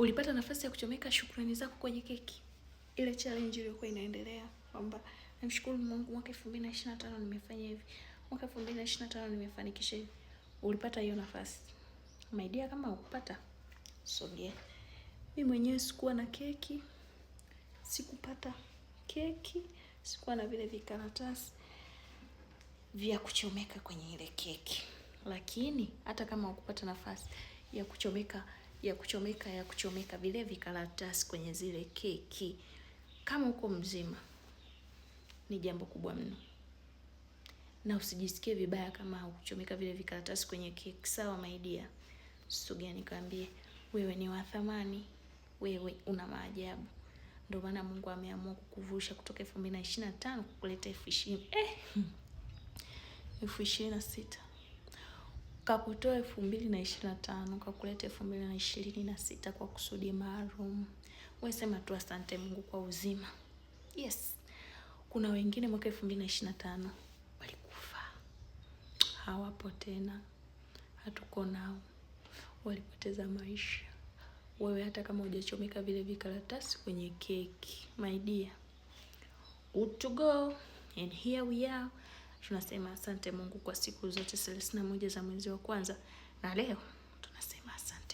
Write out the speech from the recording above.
Ulipata nafasi ya kuchomeka shukrani zako kwenye keki ile challenge iliyokuwa inaendelea, kwamba namshukuru Mungu mwaka 2025 nimefanya hivi, mwaka 2025 nimefanikisha hivi. Ulipata hiyo nafasi my dear? Kama ukupata sogea. Mimi mwenyewe sikuwa na keki, sikupata keki, sikuwa na vile vikaratasi vya kuchomeka kwenye ile keki, lakini hata kama ukupata nafasi ya kuchomeka ya kuchomeka ya kuchomeka vile vikaratasi kwenye zile keki, kama uko mzima, ni jambo kubwa mno, na usijisikie vibaya kama hukuchomeka vile vikaratasi kwenye keki. Sawa maidia Sugia, nikaambie, wewe ni wa thamani, wewe una maajabu. Ndio maana Mungu ameamua kukuvusha kutoka elfu mbili na ishirini na tano kukuleta elfu ishirini eh, elfu ishirini na sita kakutoa elfu mbili na ishirini na tano kakuleta elfu mbili na ishirini na sita kwa kusudi maalum. wesema tu asante Mungu kwa uzima. Yes, kuna wengine mwaka elfu mbili na ishirini na tano walikufa, hawapo tena, hatuko nao, walipoteza maisha. Wewe hata kama hujachomeka vile vikaratasi kwenye keki, my dear, to and here we are tunasema asante Mungu kwa siku zote 31 za mwezi wa kwanza, na leo tunasema asante.